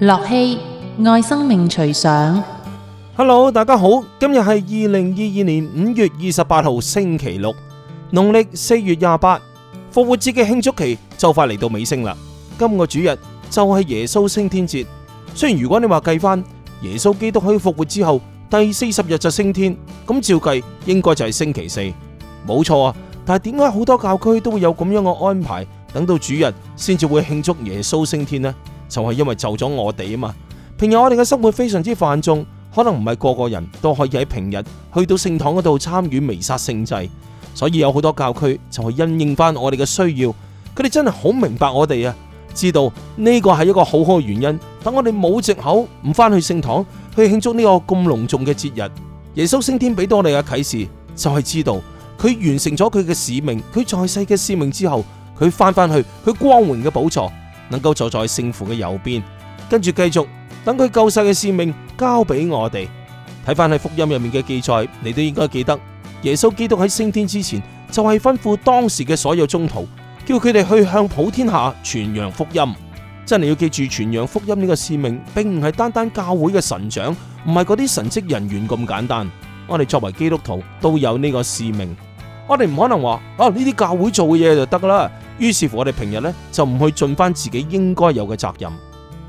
樂器愛生命隨想，Hello，大家好，今日係二零二二年五月二十八號星期六，農曆四月廿八，復活節嘅慶祝期就快嚟到尾聲啦。今個主日就係耶穌升天節，雖然如果你話計翻耶穌基督喺復活之後第四十日就升天，咁照計應該就係星期四，冇錯啊。但係點解好多教區都會有咁樣嘅安排，等到主日先至會慶祝耶穌升天呢？就係因為遷就咗我哋啊嘛，平日我哋嘅生活非常之繁重，可能唔係個個人都可以喺平日去到聖堂嗰度參與彌撒聖祭，所以有好多教區就係因應翻我哋嘅需要，佢哋真係好明白我哋啊，知道呢個係一個好好嘅原因。等我哋冇借口唔翻去聖堂去慶祝呢個咁隆重嘅節日，耶穌升天俾到我哋嘅啟示就係知道佢完成咗佢嘅使命，佢在世嘅使命之後，佢翻翻去佢光榮嘅寶座。能夠坐在聖父嘅右邊，跟住繼續等佢救世嘅使命交俾我哋。睇翻喺福音入面嘅記載，你都應該記得耶穌基督喺升天之前就係吩咐當時嘅所有宗徒，叫佢哋去向普天下傳揚福音。真係要記住傳揚福音呢個使命，並唔係單單教會嘅神長，唔係嗰啲神職人員咁簡單。我哋作為基督徒都有呢個使命，我哋唔可能話啊，呢啲教會做嘅嘢就得㗎啦。於是乎，我哋平日咧就唔去盡翻自己應該有嘅責任。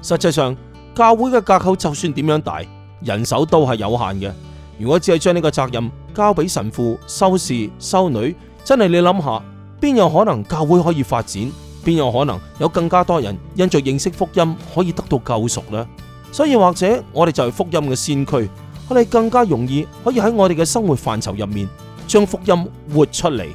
實際上，教會嘅架構就算點樣大，人手都係有限嘅。如果只係將呢個責任交俾神父、修士、修女，真係你諗下，邊有可能教會可以發展？邊有可能有更加多人因着認識福音可以得到救贖呢？所以或者我哋就係福音嘅先驅，我哋更加容易可以喺我哋嘅生活範疇入面將福音活出嚟。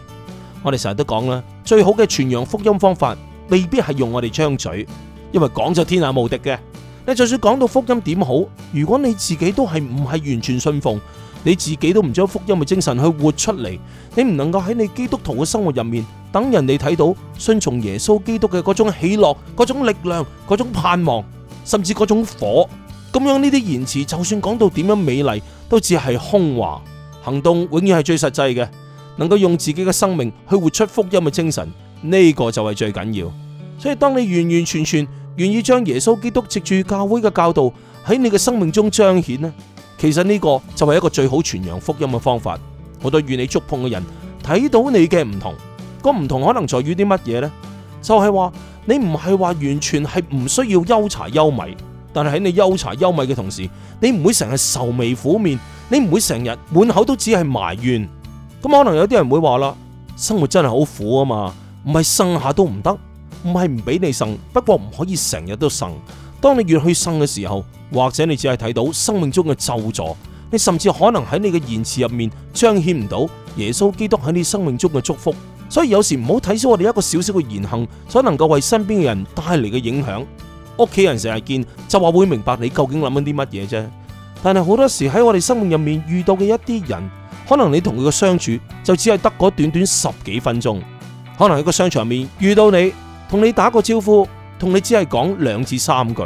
我哋成日都講啦。最好嘅傳揚福音方法，未必係用我哋張嘴，因為講就天下無敵嘅。你就算講到福音點好，如果你自己都係唔係完全信奉，你自己都唔將福音嘅精神去活出嚟，你唔能夠喺你基督徒嘅生活入面等人哋睇到信從耶穌基督嘅嗰種喜樂、嗰種力量、嗰種盼望，甚至嗰種火。咁樣呢啲言辭，就算講到點樣美麗，都只係空話。行動永遠係最實際嘅。能夠用自己嘅生命去活出福音嘅精神，呢個就係最緊要。所以當你完完全全願意將耶穌基督藉住教會嘅教導喺你嘅生命中彰顯呢，其實呢個就係一個最好傳揚福音嘅方法。好多與你觸碰嘅人睇到你嘅唔同，個唔同可能在於啲乜嘢呢？就係話你唔係話完全係唔需要憂柴憂米，但係喺你憂柴憂米嘅同時，你唔會成日愁眉苦面，你唔會成日滿口都只係埋怨。咁可能有啲人會話啦，生活真係好苦啊嘛，唔係呻下都唔得，唔係唔俾你呻，不過唔可以成日都呻。當你越去呻嘅時候，或者你只係睇到生命中嘅咒詛，你甚至可能喺你嘅言辭入面彰顯唔到耶穌基督喺你生命中嘅祝福。所以有時唔好睇少我哋一個小小嘅言行，所能夠為身邊嘅人帶嚟嘅影響。屋企人成日見就話會明白你究竟諗緊啲乜嘢啫，但係好多時喺我哋生命入面遇到嘅一啲人。可能你同佢嘅相處就只係得嗰短短十幾分鐘，可能喺個商場面遇到你，同你打個招呼，同你只係講兩至三句。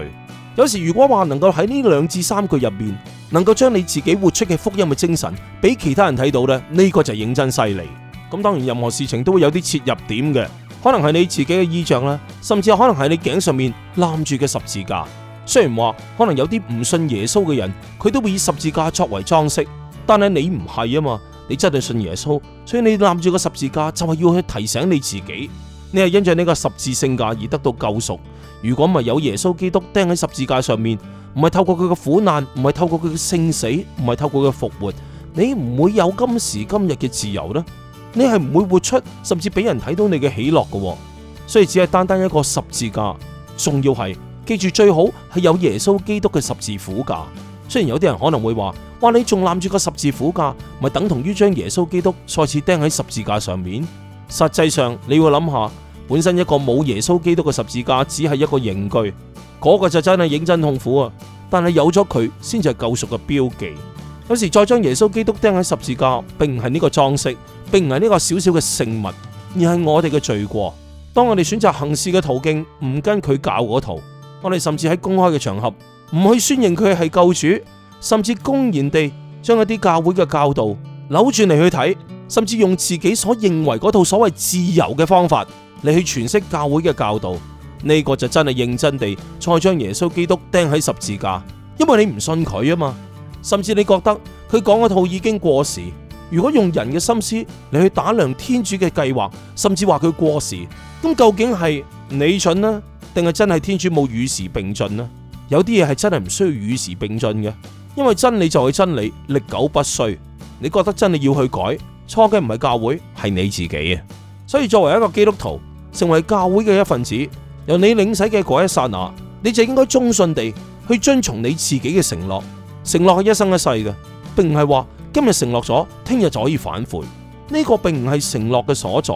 有時如果話能夠喺呢兩至三句入面，能夠將你自己活出嘅福音嘅精神俾其他人睇到咧，呢個就係認真犀利。咁當然任何事情都會有啲切入點嘅，可能係你自己嘅意象啦，甚至可能係你頸上面攬住嘅十字架。雖然話可能有啲唔信耶穌嘅人，佢都會以十字架作為裝飾。但係你唔係啊嘛，你真係信耶穌，所以你攬住個十字架就係要去提醒你自己，你係因着呢個十字聖架而得到救贖。如果唔係有耶穌基督釘喺十字架上面，唔係透過佢嘅苦難，唔係透過佢嘅聖死，唔係透過佢復活，你唔會有今時今日嘅自由咧。你係唔會活出，甚至俾人睇到你嘅喜樂嘅，哦。所以只係單單一個十字架，仲要係記住最好係有耶穌基督嘅十字苦架。雖然有啲人可能會話，哇，你仲攬住個十字苦架，咪等同於將耶穌基督再次釘喺十字架上面。實際上你會諗下，本身一個冇耶穌基督嘅十字架，只係一個刑具，嗰、那個就真係認真痛苦啊。但係有咗佢，先至係救贖嘅標記。有時再將耶穌基督釘喺十字架，並唔係呢個裝飾，並唔係呢個小小嘅聖物，而係我哋嘅罪過。當我哋選擇行事嘅途徑，唔跟佢教嗰途，我哋甚至喺公開嘅場合。唔去宣認佢係救主，甚至公然地將一啲教會嘅教導扭轉嚟去睇，甚至用自己所認為嗰套所謂自由嘅方法嚟去詮釋教會嘅教導，呢個就真係認真地再將耶穌基督釘喺十字架，因為你唔信佢啊嘛，甚至你覺得佢講嗰套已經過時。如果用人嘅心思嚟去打量天主嘅計劃，甚至話佢過時，咁究竟係你蠢呢，定係真係天主冇與時並進呢？有啲嘢係真係唔需要與時並進嘅，因為真理就係真理，歷久不衰。你覺得真係要去改錯嘅唔係教會，係你自己啊！所以作為一個基督徒，成為教會嘅一份子，由你領洗嘅嗰一剎那，你就應該忠信地去遵從你自己嘅承諾。承諾係一生一世嘅，並唔係話今日承諾咗，聽日就可以反悔。呢個並唔係承諾嘅所在，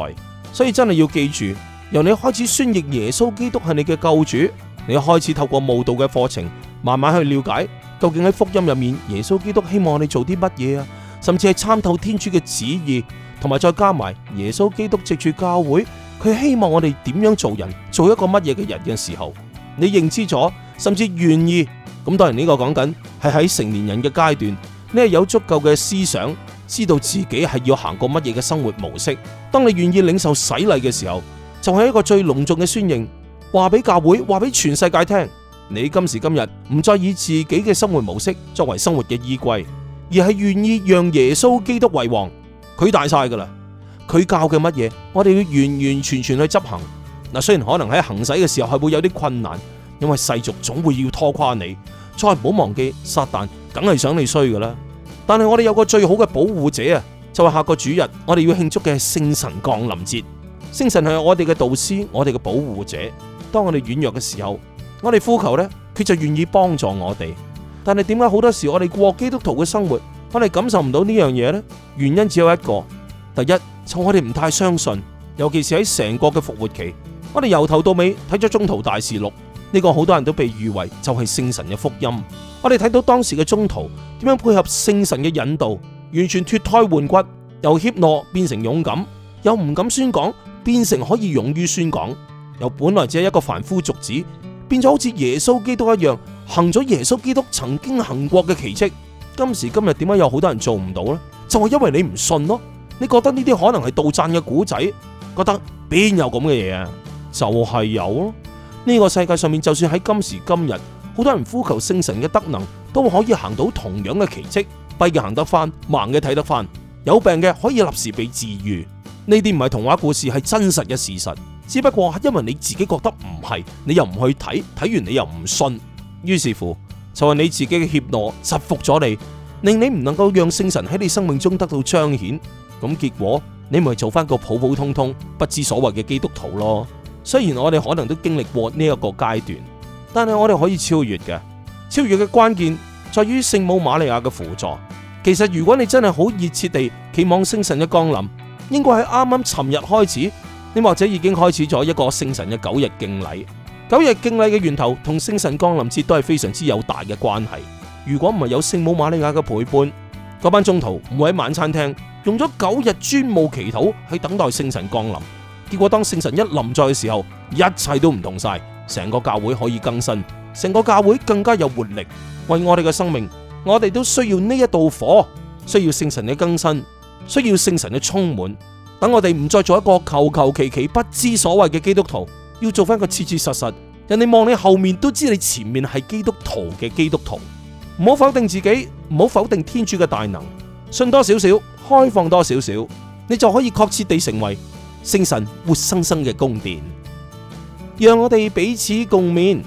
所以真係要記住，由你開始宣認耶穌基督係你嘅救主。你開始透過慕道嘅課程，慢慢去了解究竟喺福音入面，耶穌基督希望你做啲乜嘢啊？甚至係參透天主嘅旨意，同埋再加埋耶穌基督藉住教會，佢希望我哋點樣做人，做一個乜嘢嘅人嘅時候，你認知咗，甚至願意咁。當然，呢個講緊係喺成年人嘅階段，你係有足夠嘅思想，知道自己係要行過乜嘢嘅生活模式。當你願意領受洗禮嘅時候，就係、是、一個最隆重嘅宣認。話俾教會，話俾全世界聽，你今時今日唔再以自己嘅生活模式作為生活嘅依歸，而係願意讓耶穌基督為王。佢大晒噶啦，佢教嘅乜嘢，我哋要完完全全去執行。嗱，雖然可能喺行使嘅時候係會有啲困難，因為世俗總會要拖垮你。再唔好忘記，撒旦梗係想你衰噶啦。但係我哋有個最好嘅保護者啊，就係、是、下個主日，我哋要慶祝嘅聖神降臨節。聖神係我哋嘅導師，我哋嘅保護者。當我哋軟弱嘅時候，我哋呼求呢，佢就願意幫助我哋。但係點解好多時我哋過基督徒嘅生活，我哋感受唔到呢樣嘢呢？原因只有一個，第一，就我哋唔太相信，尤其是喺成個嘅復活期，我哋由頭到尾睇咗宗徒大事錄，呢、這個好多人都被譽為就係聖神嘅福音。我哋睇到當時嘅宗徒點樣配合聖神嘅引導，完全脫胎換骨，由怯懦變成勇敢，又唔敢宣講，變成可以勇於宣講。由本來只係一個凡夫俗子，變咗好似耶穌基督一樣，行咗耶穌基督曾經行過嘅奇蹟。今時今日點解有好多人做唔到呢？就係因為你唔信咯。你覺得呢啲可能係杜撰嘅古仔，覺得邊有咁嘅嘢啊？就係有咯。呢個世界上面，就算喺今時今日，好多人呼求聖神嘅德能，都可以行到同樣嘅奇蹟。跛嘅行得翻，盲嘅睇得翻，有病嘅可以立時被治癒。呢啲唔係童話故事，係真實嘅事實。只不過係因為你自己覺得唔係，你又唔去睇，睇完你又唔信，於是乎就係、是、你自己嘅怯懦制服咗你，令你唔能夠讓聖神喺你生命中得到彰顯。咁結果你咪做翻個普普通通不知所謂嘅基督徒咯。雖然我哋可能都經歷過呢一個階段，但係我哋可以超越嘅，超越嘅關鍵在於聖母瑪利亞嘅輔助。其實如果你真係好熱切地期望聖神一光臨，應該係啱啱尋日開始。你或者已經開始咗一個聖神嘅九日敬禮。九日敬禮嘅源頭同聖神降臨節都係非常之有大嘅關係。如果唔係有聖母瑪利亞嘅陪伴，嗰班宗徒唔會喺晚餐廳用咗九日專務祈禱去等待聖神降臨。結果當聖神一臨在嘅時候，一切都唔同晒。成個教會可以更新，成個教會更加有活力。為我哋嘅生命，我哋都需要呢一道火，需要聖神嘅更新，需要聖神嘅充滿。等我哋唔再做一個求求其其不知所謂嘅基督徒，要做翻一個切切實實，人哋望你後面都知你前面係基督徒嘅基督徒，唔好否定自己，唔好否定天主嘅大能，信多少少，開放多少少，你就可以確切地成為聖神活生生嘅宮殿，讓我哋彼此共勉。